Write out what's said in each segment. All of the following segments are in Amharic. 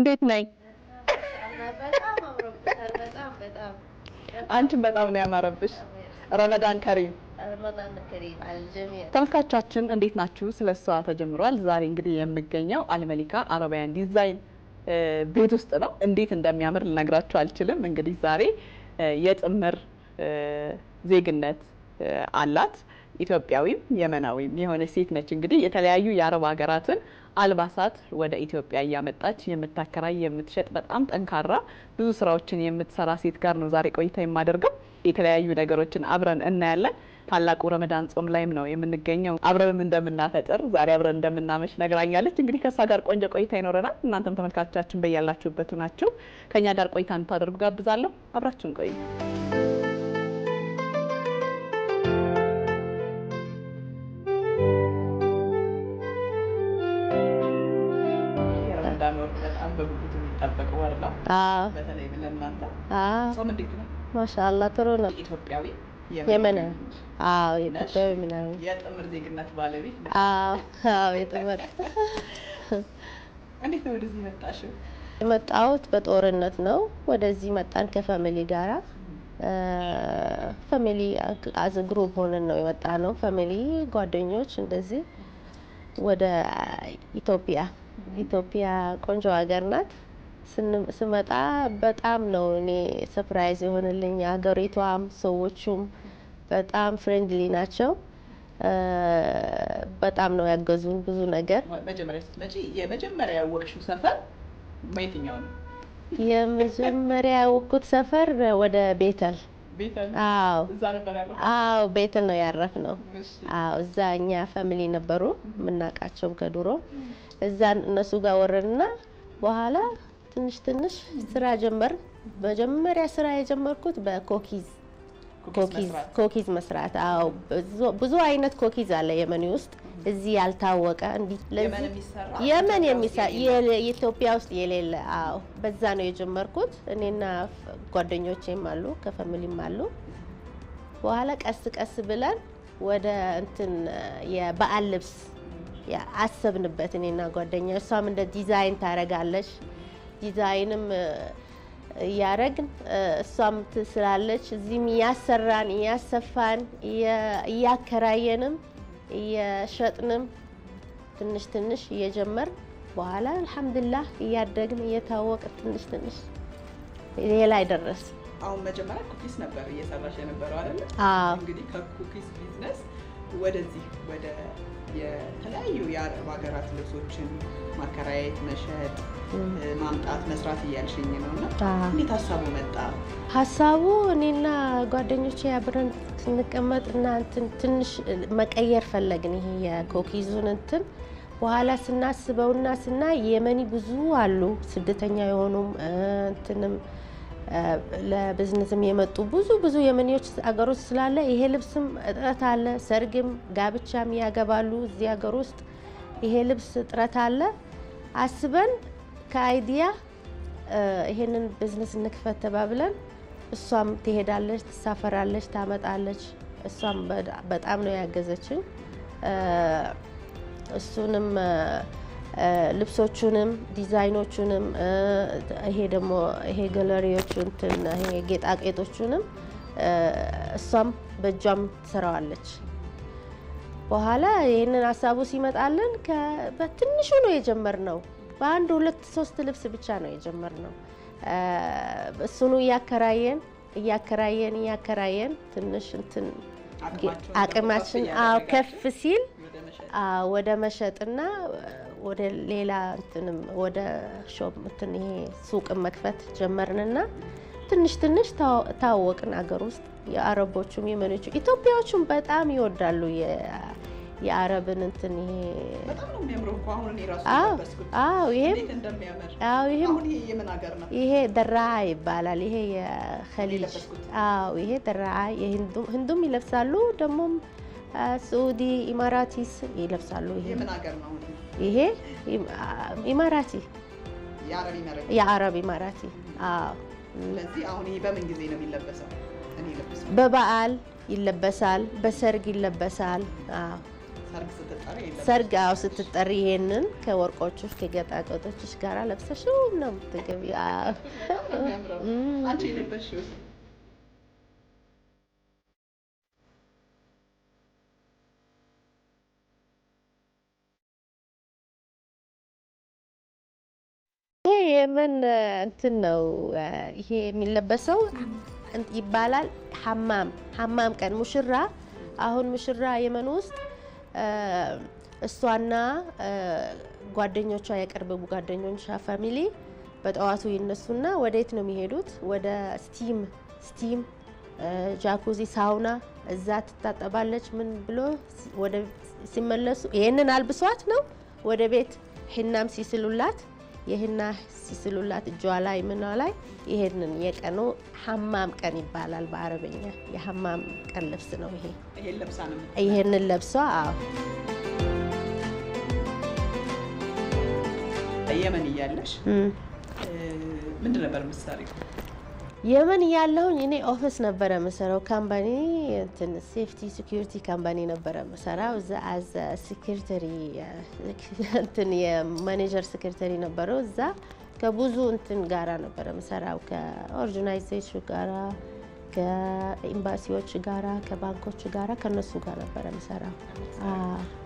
እንዴት ነኝ? አንቺን በጣም ነው ያማረብሽ። ረመዳን ከሪም ተመልካቻችን እንዴት ናችሁ? ስለ እሷ ተጀምሯል። ዛሬ እንግዲህ የምገኘው አልመሊካ አረቢያን ዲዛይን ቤት ውስጥ ነው። እንዴት እንደሚያምር ልነግራችሁ አልችልም። እንግዲህ ዛሬ የጥምር ዜግነት አላት ኢትዮጵያዊም የመናዊም የሆነች ሴት ነች። እንግዲህ የተለያዩ የአረብ ሀገራትን አልባሳት ወደ ኢትዮጵያ እያመጣች የምታከራይ የምትሸጥ በጣም ጠንካራ ብዙ ስራዎችን የምትሰራ ሴት ጋር ነው ዛሬ ቆይታ የማደርገው። የተለያዩ ነገሮችን አብረን እናያለን። ታላቁ ረመዳን ጾም ላይም ነው የምንገኘው። አብረንም እንደምናፈጥር ዛሬ አብረን እንደምናመሽ ነግራኛለች። እንግዲህ ከእሷ ጋር ቆንጆ ቆይታ ይኖረናል። እናንተም ተመልካቾቻችን በያላችሁበት ናችሁ፣ ከእኛ ጋር ቆይታ እንድታደርጉ ጋብዛለሁ። አብራችሁን ቆዩ። በተለይ ለእናንተ ጾም ጥሩ ነው። ኢትዮጵያዊ የመን አዎ፣ ኢትዮጵያዊ ምናምን የጥምር ዜግነት ባለቤት አዎ፣ የጥምር እንዴት ነው ወደዚህ መጣሽው? የመጣሁት በጦርነት ነው። ወደዚህ መጣን ከፋሚሊ ጋራ ፋሚሊ አዝ ግሩፕ ሆነን ነው የመጣ ነው። ፋሚሊ ጓደኞች እንደዚህ ወደ ኢትዮጵያ ኢትዮጵያ ቆንጆ ሀገር ናት። ስመጣ በጣም ነው እኔ ሰፕራይዝ የሆንልኝ። ሀገሪቷም ሰዎቹም በጣም ፍሬንድሊ ናቸው። በጣም ነው ያገዙን ብዙ ነገር። የመጀመሪያ ያወቅሽው ሰፈር በየትኛው ነው? የመጀመሪያ ያወቅኩት ሰፈር ወደ ቤተል አዎ ቤተል ነው ያረፍ ነው። አዎ እዛ እኛ ፋሚሊ ነበሩ የምናውቃቸውም ከድሮ እዛ እነሱ ጋር ወረድና በኋላ ትንሽ ትንሽ ስራ ጀመር። መጀመሪያ ስራ የጀመርኩት በኮኪዝ ኮኪዝ መስራት። አዎ ብዙ አይነት ኮኪዝ አለ የመን ውስጥ እዚህ ያልታወቀ እንዲህ የመን ኢትዮጵያ ውስጥ የሌለ አዎ፣ በዛ ነው የጀመርኩት። እኔና ጓደኞቼም አሉ ከፈሚሊም አሉ። በኋላ ቀስ ቀስ ብለን ወደ እንትን የበዓል ልብስ አሰብንበት እኔና ጓደኛ። እሷም እንደ ዲዛይን ታደርጋለች ዲዛይንም እያረግን እሷም ትስላለች። እዚህም እያሰራን እያሰፋን እያከራየንም እየሸጥንም ትንሽ ትንሽ እየጀመር በኋላ አልሐምዱሊላህ እያደግን እየታወቅ ትንሽ ትንሽ ሌላ አይደረስ። አሁን መጀመሪያ ኩኪስ ነበር እየሰራሽ የነበረው አይደለ? እንግዲህ ከኩኪስ ቢዝነስ ወደዚህ ወደ የተለያዩ የአረብ ሀገራት ልብሶችን ማከራየት፣ መሸጥ፣ ማምጣት፣ መስራት እያልሽኝ ነው እና እንዴት ሀሳቡ መጣ? ሀሳቡ እኔና ጓደኞች አብረን ስንቀመጥ እና እንትን ትንሽ መቀየር ፈለግን። ይሄ የኮኪዙን እንትን በኋላ ስናስበውና ስናይ የመኒ ብዙ አሉ ስደተኛ የሆኑም እንትንም ለቢዝነስም የመጡ ብዙ ብዙ አገር ውስጥ ስላለ ይሄ ልብስም እጥረት አለ። ሰርግም ጋብቻም ያገባሉ እዚህ ሀገር ውስጥ ይሄ ልብስ እጥረት አለ። አስበን ከአይዲያ ይሄንን ቢዝነስ እንክፈት ተባብለን እሷም ትሄዳለች፣ ትሳፈራለች፣ ታመጣለች። እሷም በጣም ነው ያገዘችን እሱንም ልብሶቹንም ዲዛይኖቹንም ይሄ ደግሞ ይሄ ገለሪዎቹን ይሄ ጌጣጌጦቹንም እሷም በእጇም ትሰራዋለች። በኋላ ይህንን ሀሳቡ ሲመጣልን በትንሹ ነው የጀመርነው። በአንድ ሁለት ሶስት ልብስ ብቻ ነው የጀመርነው። እሱኑ እያከራየን እያከራየን እያከራየን ትንሽ እንትን አቅማችን ከፍ ሲል ወደ መሸጥና ወደ ሌላ እንትንም ወደ ሾፕ እንትን ይሄ ሱቅን መክፈት ጀመርንና ትንሽ ትንሽ ታወቅን። አገር ውስጥ የአረቦቹም የመኖቹ ኢትዮጵያዎቹም በጣም ይወዳሉ የአረብን እንትን ይሄ ይሄ ደራዓ ይባላል። ይሄ የኸሊጅ ይሄ ደራዓ ህንዱም ይለብሳሉ፣ ደግሞም ስዑዲ ኢማራቲስ ይለብሳሉ። ይሄ ይሄ ኢማራቲ የአረብ ኢማራቲ። ስለዚህ አሁን ይሄ በምን ጊዜ ነው የሚለበሰው? በበዓል ይለበሳል፣ በሰርግ ይለበሳል። ሰርግ አዎ፣ ስትጠሪ ይሄንን ከወርቆችሽ ከጌጣጌጦችሽ ጋራ ለብሰሽው ነው የምትገቢው። የምን እንትን ነው ይሄ የሚለበሰው ይባላል ሐማም ሐማም ቀን ሙሽራ አሁን ሙሽራ የመን ውስጥ እሷና ጓደኞቿ የቅርብ ጓደኞቿ ፋሚሊ በጠዋቱ ይነሱና ወደየት ነው የሚሄዱት? ወደ ስቲም ስቲም ጃኩዚ ሳውና እዛ ትታጠባለች። ምን ብሎ ወደ ሲመለሱ ይህንን አልብሷት ነው ወደ ቤት ሂናም ሲስሉላት ይህና ሲስሉላት እጇ ላይ ምኗ ላይ ይሄንን የቀኑ ሀማም ቀን ይባላል በአረብኛ። የሀማም ቀን ልብስ ነው ይሄ። ይሄንን ለብሷ አዎ የመን እያለሽ ምንድን ነበር ምሳሌ የመን ያለሁኝ እኔ ኦፊስ ነበረ ምሰራው ካምፓኒ እንትን ሴፍቲ ሴኩሪቲ ካምፓኒ ነበረ ምሰራው እዛ አዝ ሴክሬተሪ እንትን የማኔጀር ሴክሬተሪ ነበረው። እዛ ከብዙ እንትን ጋራ ነበረ ምሰራው ከኦርጋናይዜሽን ጋራ፣ ከኤምባሲዎች ጋራ፣ ከባንኮች ጋራ ከነሱ ጋር ነበረ ምሰራው።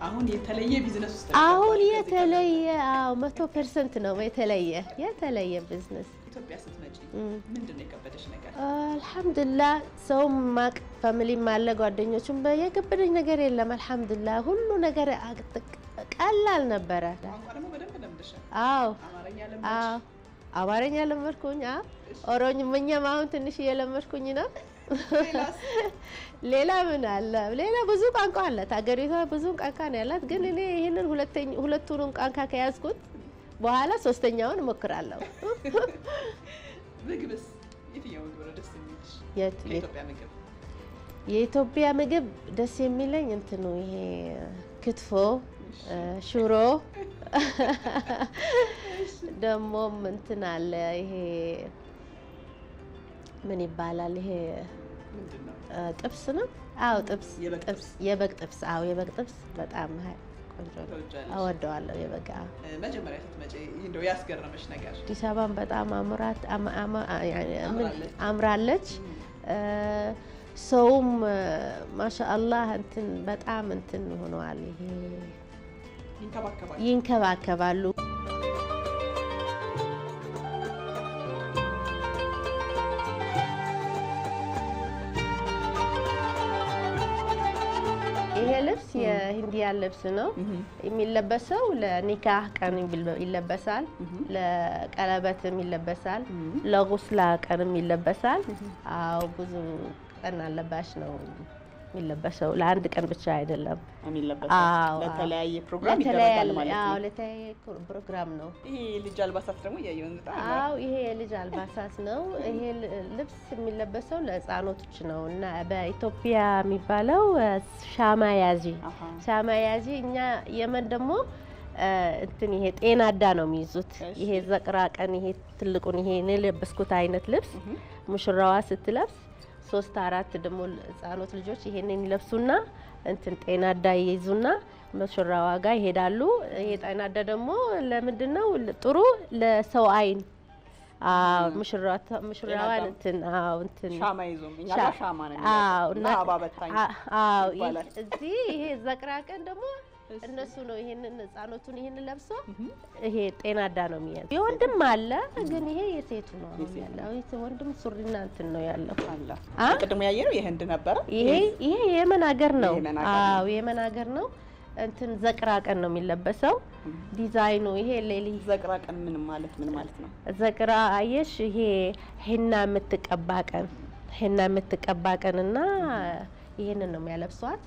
አሁን የተለየ ቢዝነስ ውስጥ አሁን የተለየ አዎ መቶ ፐርሰንት ነው የተለየ የተለየ ቢዝነስ ኢትዮጵያ ስትመጪ ምንድን ነው የከበደሽ ነገር? አልሐምዱሊላህ ሰውም ማቅ ፋሚሊም አለ ጓደኞችም የከበደኝ ነገር የለም። አልሐምዱሊላህ ሁሉ ነገር ቀላል ነበረ። አዎ አዎ አማርኛ ለመድኩኝ፣ ኦሮምኛም አሁን ትንሽ እየለመድኩኝ ነው። ሌላ ምን አለ? ሌላ ብዙ ቋንቋ አላት ሀገሪቷ፣ ብዙ ቋንቋ ነው ያላት። ግን እኔ ይህንን ሁለቱንም ቋንቋ ከያዝኩት በኋላ ሶስተኛውን እሞክራለሁ። ምግብስ የትኛው ምግብ ነው ደስ የሚልሽ? የኢትዮጵያ ምግብ የኢትዮጵያ ምግብ ደስ የሚለኝ እንትኑ ይሄ ክትፎ፣ ሽሮ ደግሞም እንትን አለ ይሄ ምን ይባላል ይሄ ጥብስ ነው። አዎ ጥብስ፣ የበግ ጥብስ። አዎ የበግ ጥብስ በጣም ቆንጆ እወደዋለሁ። የበጋ መጀመሪያ ስትመጪ እንደው ነገር አዲስ አበባን በጣም አምራት አምራለች። ሰውም ማሻአላህ እንትን በጣም እንትን ሆነዋል፣ ይንከባከባሉ። የኢትዮጵያን ልብስ ነው የሚለበሰው። ለኒካህ ቀን ይለበሳል፣ ለቀለበትም ይለበሳል፣ ለጉስላ ቀንም ይለበሳል። አዎ ብዙ ቀን አለባሽ ነው። የሚለበሰው ለአንድ ቀን ብቻ አይደለም የሚለበሰው፣ ለተለያየ ፕሮግራም ይደረጋል ማለት ነው። ለተለያየ ፕሮግራም ነው። ይሄ ልጅ አልባሳት ደግሞ እያየሁን አዎ፣ ይሄ የልጅ አልባሳት ነው። ይሄ ልብስ የሚለበሰው ለሕፃኖቶች ነው እና በኢትዮጵያ የሚባለው ሻማ ያዚ ሻማ ያዚ። እኛ የመን ደግሞ እንትን ይሄ ጤና አዳ ነው የሚይዙት። ይሄ ዘቅራ ቀን ይሄ ትልቁን ይሄ የለበስኩት አይነት ልብስ ሙሽራዋ ስትለብስ ሶስት አራት ደግሞ ህጻኖት ልጆች ይሄንን ይለብሱና እንትን ጤና አዳ ይይዙና ሙሽራዋ ጋር ይሄዳሉ። ይሄ ጤና አዳ ደግሞ ለምንድን ነው ጥሩ? ለሰው አይን ሙሽራዋን እንትን እዚህ ይሄ ዘቅራ ደግሞ እነሱ ነው ይሄንን ህጻኖቱን ይሄን ለብሶ ይሄ ጤና አዳ ነው የሚያዝ። የወንድም አለ ግን ይሄ የሴቱ ነው ያለው። ወንድም ሱሪና እንትን ነው ያለው። ቅድሙ ያየነው የህንድ ነበረ። ይሄ ይሄ የመን ሀገር ነው። አዎ የመን ሀገር ነው። እንትን ዘቅራቀን ነው የሚለበሰው ዲዛይኑ ይሄ ሌሊ ዘቅራቀን ምን ማለት ምን ማለት ነው? ዘቅራ አየሽ፣ ይሄ ሄና የምትቀባቀን ቀን ሄና የምትቀባ ቀንና ይሄንን ነው የሚያለብሷት።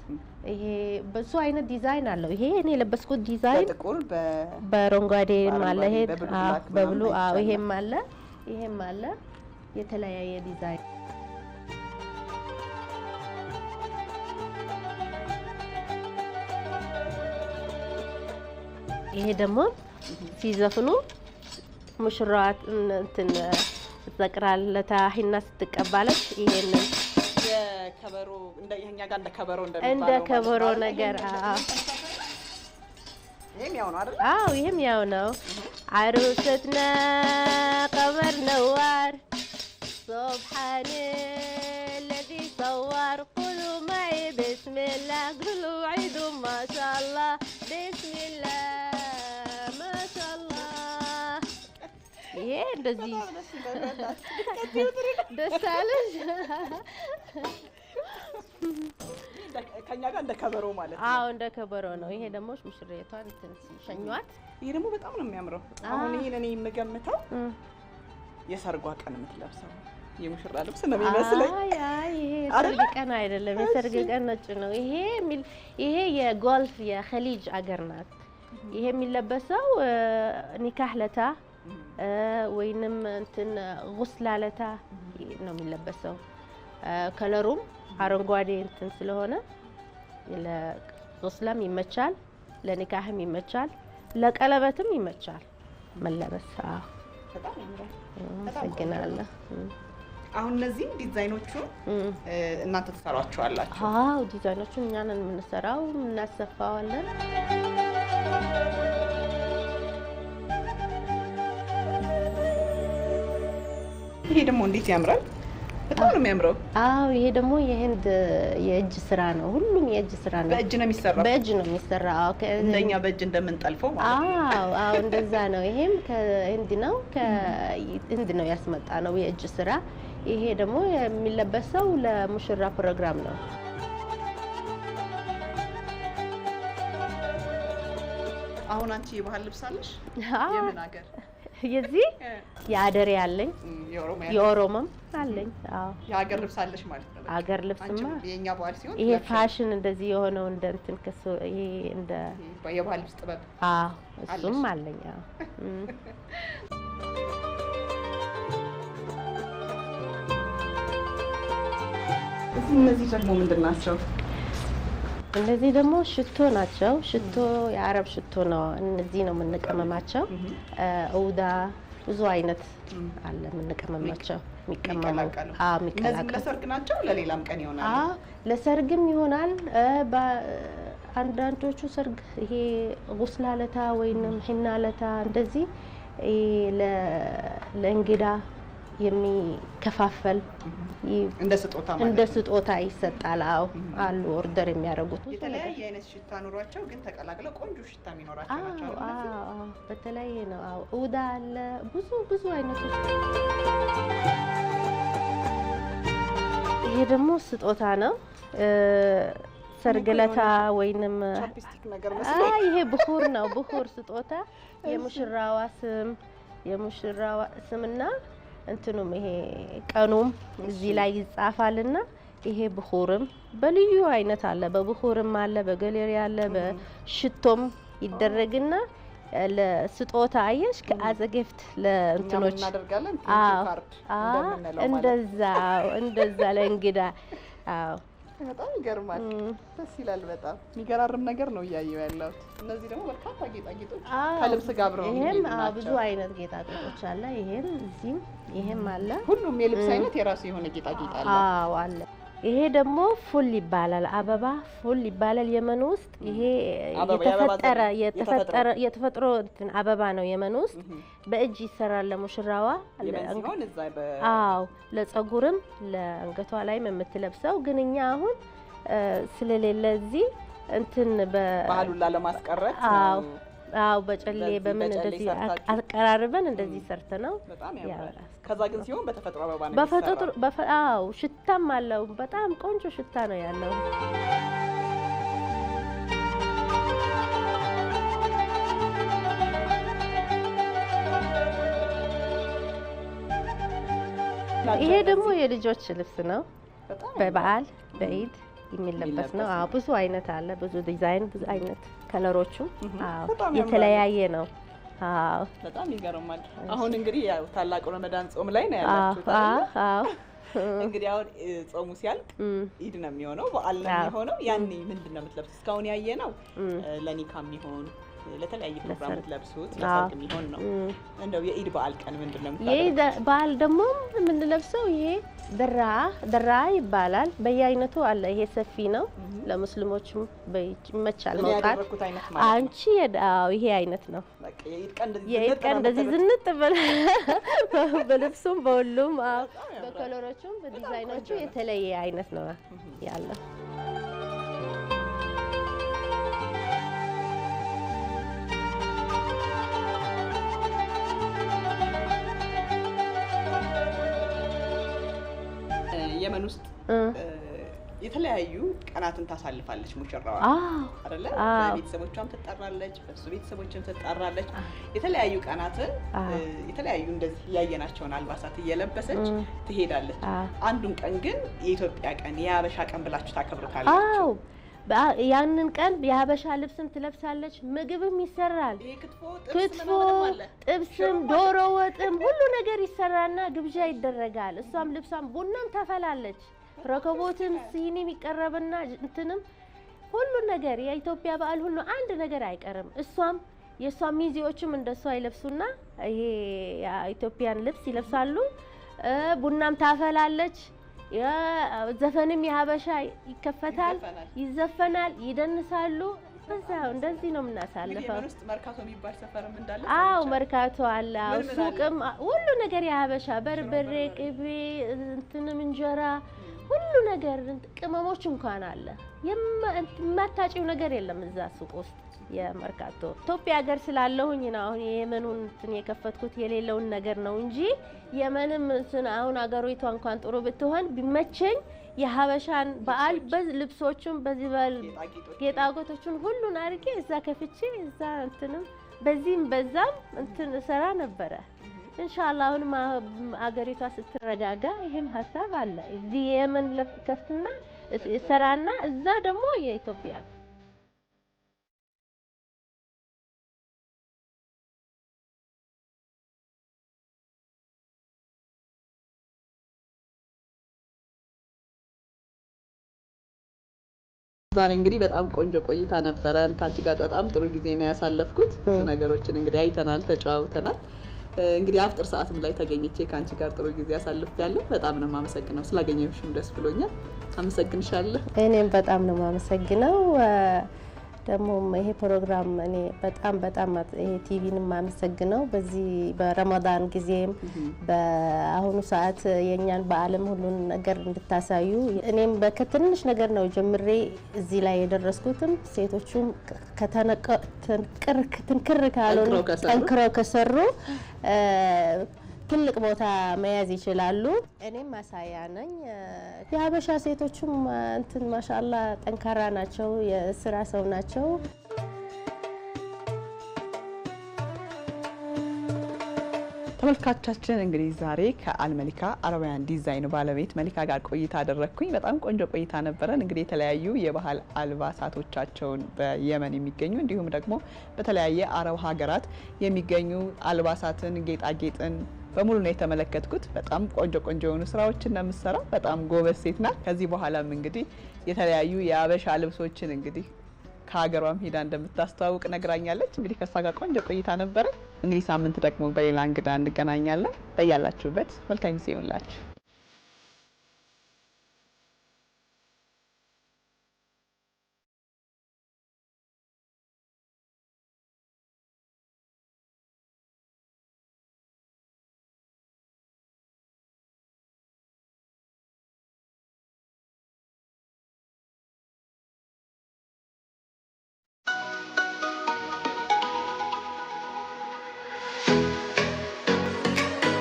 ይሄ በሱ አይነት ዲዛይን አለው። ይሄ እኔ የለበስኩት ዲዛይን በጥቁር በአረንጓዴ አለ፣ ይሄ በብሉ፣ አዎ ይሄም አለ፣ ይሄም አለ የተለያየ ዲዛይን ይሄ ደግሞ ሲዘፍኑ ሙሽራዋት እንትን ዘቅራለታ ሂና ስትቀባለች ይሄንን ከበሮ እንደ ጋር እንደ ከበሮ እንደ ከበሮ ነገር ይሄም ያው ነው አይደል? አዎ ይሄም ያው ነው። አሩስትነ ቀመር ነዋር ሱብሓን ለዚ ሰዋር ቁሉ ማይ ብስሚላ ቁሉ ዒዱ ማሻአላ ብስሚላ ይሄ እንደዚህ ደስ አለሽ ከኛ ጋር እንደ ከበሮ ማለት ነው። አዎ እንደ ከበሮ ነው። ይሄ ደግሞ ሙሽሪቷን እንትን ሲሸኟት፣ ይሄ ደግሞ በጣም ነው የሚያምረው። አሁን ይሄን እኔ የምገምተው የሰርጓ ቀን የምትለብሰው የሙሽራ ልብስ ነው የሚመስለኝ። ይሄ የሰርግ ቀን አይደለም፣ የሰርግ ቀን ነጭ ነው። ይሄ ይሄ የጎልፍ የኸሊጅ አገር ናት። ይሄ የሚለበሰው ኒካህ ለታ ወይንም እንትን ጉስላለታ ነው የሚለበሰው ከለሩም አረንጓዴ እንትን ስለሆነ ለቁስለም ይመቻል፣ ለኒካህም ይመቻል፣ ለቀለበትም ይመቻል መለበስ። አመሰግናለሁ። አሁን እነዚህም ዲዛይኖቹ እናንተ ትሰሯቸዋላችሁ? አዎ፣ ዲዛይኖቹን እኛ ነን የምንሰራው፣ እናሰፋዋለን። ይሄ ደግሞ እንዴት ያምራል! በጣም ነው የሚያምረው። አዎ ይሄ ደግሞ የህንድ የእጅ ስራ ነው። ሁሉም የእጅ ስራ ነው። በእጅ ነው የሚሰራ በእጅ ነው አዎ እንደኛ በእጅ እንደምንጠልፈው ማለት ነው። አዎ እንደዛ ነው። ይሄም ከህንድ ነው፣ ከህንድ ነው ያስመጣ ነው የእጅ ስራ። ይሄ ደግሞ የሚለበሰው ለሙሽራ ፕሮግራም ነው። አሁን አንቺ የባህል ልብስ አለሽ? የምን ሀገር የዚህ የአደሬ አለኝ የኦሮሞም አለኝ። አዎ የሀገር ልብስ አለሽ ማለት ነው። ሀገር ልብስማ የኛ ባህል ሲሆን ይሄ ፋሽን እንደዚህ የሆነው እንደ እንትን ከሱ ይሄ እንደ የባህል ልብስ ጥበብ። አዎ እሱም አለኝ። አዎ እነዚህ ደግሞ ምንድን ናቸው? እነዚህ ደግሞ ሽቶ ናቸው። ሽቶ የአረብ ሽቶ ነው። እነዚህ ነው የምንቀመማቸው። እውዳ ብዙ አይነት አለ የምንቀመማቸው የሚቀመመው ለሰርግ ናቸው። ለሌላም ቀን ይሆናል፣ ለሰርግም ይሆናል። አንዳንዶቹ ሰርግ ይሄ ጉስላለታ ወይም ሂናለታ እንደዚህ ለእንግዳ የሚከፋፈል እንደ ስጦታ ይሰጣል። አዎ አሉ ኦርደር የሚያደርጉት የተለያየ አይነት ሽታ ኑሯቸው ግን ተቀላቅለው ቆንጆ ሽታ የሚኖራቸው ናቸው። በተለያየ ነው። አዎ እውዳ አለ ብዙ ብዙ አይነቶች። ይሄ ደግሞ ስጦታ ነው። ሰርግለታ ወይንም ይሄ ብሁር ነው። ብሁር ስጦታ የሙሽራዋ ስም የሙሽራዋ ስምና እንትኑም ይሄ ቀኑም እዚህ ላይ ይጻፋልና ይሄ ብኹርም በልዩ አይነት አለ። በብኹርም አለ፣ በገሌሪ አለ፣ በሽቶም ይደረግና ለስጦታ አየሽ ከአዘገፍት ለእንትኖች እንደዛ እንደዛ ለእንግዳ በጣም ይገርማል። ደስ ይላል። በጣም የሚገራርም ነገር ነው እያየው ያለሁት። እነዚህ ደግሞ በርካታ ጌጣጌጦች ከልብስ ጋር አብረው ይሄም ብዙ አይነት ጌጣጌጦች አለ። ይሄም እዚህም ይሄም አለ። ሁሉም የልብስ አይነት የራሱ የሆነ ጌጣጌጥ አለ። አለ። ይሄ ደግሞ ፉል ይባላል። አበባ ፉል ይባላል የመን ውስጥ። ይሄ የተፈጠረ የተፈጠረ የተፈጥሮ አበባ ነው የመን ውስጥ በእጅ ይሰራል ለሙሽራዋ። አዎ ለጸጉርም ለአንገቷ ላይም የምትለብሰው ግን እኛ አሁን ስለሌለ እዚህ እንትን ባህሉን ላለማስቀረት አዎ አዎ በጨሌ በምን እንደዚህ አቀራርበን እንደዚህ ሰርተ ነው ያበራል ከዛ ግን ሲሆን በተፈጥሮ አበባ ነው። በተፈጥሮ አዎ፣ ሽታም አለው። በጣም ቆንጆ ሽታ ነው ያለው። ይሄ ደግሞ የልጆች ልብስ ነው። በበዓል በኢድ የሚለበስ ነው። አዎ ብዙ አይነት አለ። ብዙ ዲዛይን፣ ብዙ አይነት ከለሮቹ የተለያየ ነው። በጣም ይገርማል። አሁን እንግዲህ ያው ታላቁ ረመዳን ጾም ላይ ነው ያላችሁት እንግዲህ አሁን ጾሙ ሲያልቅ ኢድ ነው የሚሆነው፣ በዓል ነው የሚሆነው። ያኔ ምንድን ነው የምትለብስ? እስካሁን ያየ ነው ለኒካ የሚሆን ለተለያየ ፕሮግራም ልትለብሱት ለሰርግ የሚሆን ነው። እንደው የኢድ በዓል ቀን ምንድን ነው የኢድ በዓል ደግሞ የምንለብሰው ይሄ ድራ ድራ ይባላል። በየአይነቱ አለ። ይሄ ሰፊ ነው፣ ለሙስሊሞችም ይመቻል መውጣት። አንቺ የዳው ይሄ አይነት ነው። የኢድ ቀን እንደዚህ ዝንጥ በልብሱም በሁሉም በከለሮቹም በዲዛይኖቹ የተለየ አይነት ነው ያለው። የመን ውስጥ የተለያዩ ቀናትን ታሳልፋለች ሙሽራዋ አይደለ? ቤተሰቦቿም ትጠራለች፣ በሱ ቤተሰቦችም ትጠራለች። የተለያዩ ቀናትን የተለያዩ እንደዚህ ያየናቸውን አልባሳት እየለበሰች ትሄዳለች። አንዱን ቀን ግን የኢትዮጵያ ቀን የሀበሻ ቀን ብላችሁ ታከብሩታላችሁ። ያንን ቀን የሀበሻ ልብስም ትለብሳለች፣ ምግብም ይሰራል። ክትፎ፣ ጥብስም፣ ዶሮ ወጥም ሁሉ ነገር ይሰራና ግብዣ ይደረጋል። እሷም ልብሷም ቡናም ታፈላለች። ረከቦትም ሲኒም ይቀረብና እንትንም ሁሉ ነገር የኢትዮጵያ በዓል ሁሉ አንድ ነገር አይቀርም። እሷም የእሷ ሚዜዎችም እንደሷ ይለብሱና ይሄ የኢትዮጵያን ልብስ ይለብሳሉ። ቡናም ታፈላለች። ዘፈንም የሀበሻ ይከፈታል፣ ይዘፈናል፣ ይደንሳሉ። በዛ እንደዚህ ነው የምናሳልፈው። አዎ መርካቶ አለ፣ ሱቅም፣ ሁሉ ነገር የሀበሻ በርበሬ፣ ቅቤ፣ እንትንም እንጀራ፣ ሁሉ ነገር ቅመሞች እንኳን አለ። የማታጭው ነገር የለም እዛ ሱቅ ውስጥ የመርካቶ ኢትዮጵያ ሀገር ስላለሁኝ ነው። አሁን የየመኑን እንትን የከፈትኩት የሌለውን ነገር ነው እንጂ የመንም እንትን አሁን አገሪቷ እንኳን ጥሩ ብትሆን ቢመቸኝ የሀበሻን በዓል በዝ ልብሶቹን በዚህ በል ጌጣጌጦቹን ሁሉን አድርጌ እዛ ከፍቼ እዛ እንትንም በዚህም በዛም እንትን እሰራ ነበረ። እንሻላ አሁን አገሪቷ ስትረጋጋ ይህም ሀሳብ አለ። እዚህ የየመን ከፍትና እሰራና እዛ ደግሞ የኢትዮጵያ ዛሬ እንግዲህ በጣም ቆንጆ ቆይታ ነበረን ከአንቺ ጋር። በጣም ጥሩ ጊዜ ነው ያሳለፍኩት። ነገሮችን እንግዲህ አይተናል፣ ተጨዋውተናል። እንግዲህ አፍጥር ሰዓትም ላይ ተገኝቼ ከአንቺ ጋር ጥሩ ጊዜ ያለው በጣም ነው የማመሰግነው። ስላገኘሽም ደስ ብሎኛል። አመሰግንሻለሁ። እኔም በጣም ነው የማመሰግነው። ደግሞ ይሄ ፕሮግራም እኔ በጣም በጣም ይሄ ቲቪን የማመሰግነው በዚህ በረመዳን ጊዜም በአሁኑ ሰዓት የእኛን በዓለም ሁሉን ነገር እንድታሳዩ እኔም ከትንሽ ነገር ነው ጀምሬ እዚህ ላይ የደረስኩትም ሴቶቹም ትንክር ካሉ ጠንክረው ከሰሩ ትልቅ ቦታ መያዝ ይችላሉ። እኔም ማሳያ ነኝ። የሀበሻ ሴቶችም እንትን ማሻላ ጠንካራ ናቸው፣ የስራ ሰው ናቸው። ተመልካቻችን እንግዲህ ዛሬ ከአልመሊካ አረባውያን ዲዛይን ባለቤት መሊካ ጋር ቆይታ አደረግኩኝ። በጣም ቆንጆ ቆይታ ነበረን። እንግዲህ የተለያዩ የባህል አልባሳቶቻቸውን በየመን የሚገኙ እንዲሁም ደግሞ በተለያየ አረብ ሀገራት የሚገኙ አልባሳትን፣ ጌጣጌጥን በሙሉ ነው የተመለከትኩት። በጣም ቆንጆ ቆንጆ የሆኑ ስራዎችን ነው የምትሰራ። በጣም ጎበዝ ሴት ናት። ከዚህ በኋላም እንግዲህ የተለያዩ የአበሻ ልብሶችን እንግዲህ ከሀገሯም ሄዳ እንደምታስተዋውቅ ነግራኛለች። እንግዲህ ከእሷ ጋር ቆንጆ ቆይታ ነበረ። እንግዲህ ሳምንት ደግሞ በሌላ እንግዳ እንገናኛለን። በያላችሁበት መልካም ጊዜ ይሆንላችሁ።